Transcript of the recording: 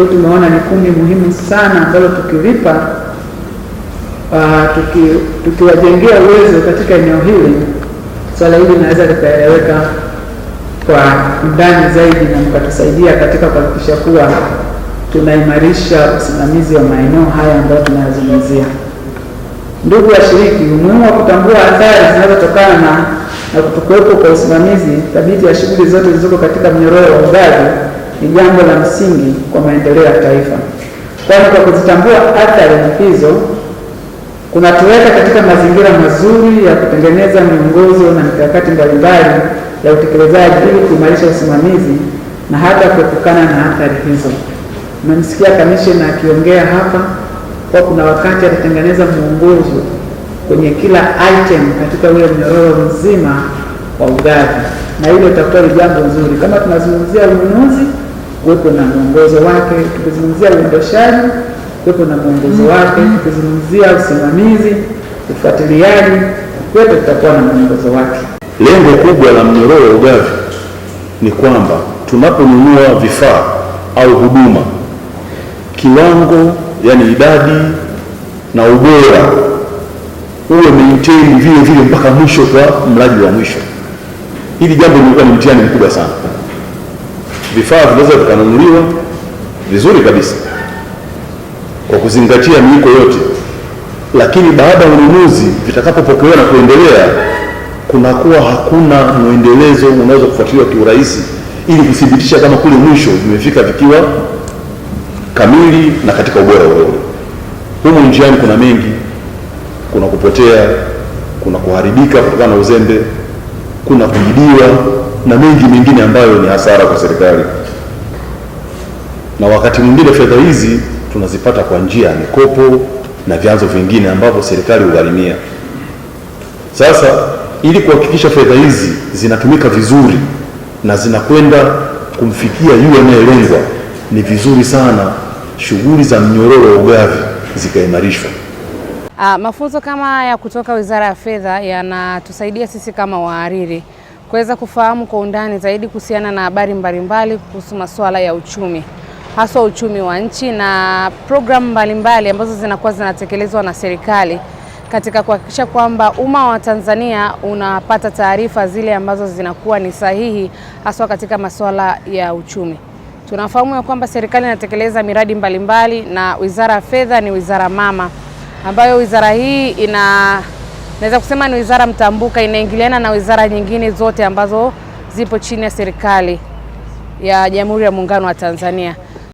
hiyo tumeona ni kundi muhimu sana ambalo tukilipa, uh, tukiwajengea uwezo katika eneo hili, swala hili linaweza likaeleweka kwa undani zaidi na mkatusaidia katika kuhakikisha kuwa tunaimarisha usimamizi wa maeneo haya ambayo tunayazungumzia. Ndugu washiriki, umuhimu wa kutambua athari zinazotokana na na kutokuwepo kwa usimamizi thabiti ya shughuli zote zilizoko katika mnyororo wa ugavi ni jambo la msingi kwa maendeleo ya taifa, kwani kwa kuzitambua athari hizo kunatuweka katika mazingira mazuri ya kutengeneza miongozo na mikakati mbalimbali ya utekelezaji ili kuimarisha usimamizi na hata kuepukana na athari hizo. Mmemsikia kamishna akiongea hapa kwa kuna wakati atatengeneza mwongozo kwenye kila item katika ule mnyororo mzima wa ugavi, na hilo itakuwa ni jambo nzuri. Kama tunazungumzia ununuzi kuwepo na mwongozo wake. Tukizungumzia uendeshaji, kuwepo na mwongozo wake. Tukizungumzia usimamizi, ufuatiliaji, kwetu tutakuwa na mwongozo wake. Lengo kubwa la mnyororo wa ugavi ni kwamba tunaponunua vifaa au huduma, kiwango, yani idadi na ubora uwe maintain vile vile mpaka mwisho kwa mlaji wa mwisho. Hili jambo limekuwa ni mtihani mkubwa sana vifaa vinaweza vikanunuliwa vizuri kabisa kwa kuzingatia miiko yote, lakini baada ya ununuzi vitakapopokelewa na kuendelea, kunakuwa hakuna mwendelezo unaweza kufuatiliwa kiurahisi ili kuthibitisha kama kule mwisho vimefika vikiwa kamili na katika ubora ule Humu njiani kuna mengi, kuna kupotea, kuna kuharibika kutokana na uzembe, kuna kuibiwa na mengi mengine ambayo ni hasara kwa serikali, na wakati mwingine fedha hizi tunazipata kwa njia ya mikopo na vyanzo vingine ambavyo serikali hugharimia. Sasa ili kuhakikisha fedha hizi zinatumika vizuri na zinakwenda kumfikia yule anayelengwa, ni vizuri sana shughuli za mnyororo wa ugavi zikaimarishwa. Ah, mafunzo kama ya kutoka Wizara ya Fedha yanatusaidia sisi kama wahariri kuweza kufahamu kwa undani zaidi kuhusiana na habari mbalimbali kuhusu masuala ya uchumi haswa uchumi wa nchi na programu mbalimbali ambazo zinakuwa zinatekelezwa na serikali katika kuhakikisha kwamba umma wa Tanzania unapata taarifa zile ambazo zinakuwa ni sahihi haswa katika masuala ya uchumi. Tunafahamu ya kwamba serikali inatekeleza miradi mbalimbali mbali, na Wizara ya Fedha ni wizara mama ambayo wizara hii ina Naweza kusema ni wizara mtambuka, inaingiliana na wizara nyingine zote ambazo zipo chini ya serikali ya Jamhuri ya Muungano wa Tanzania.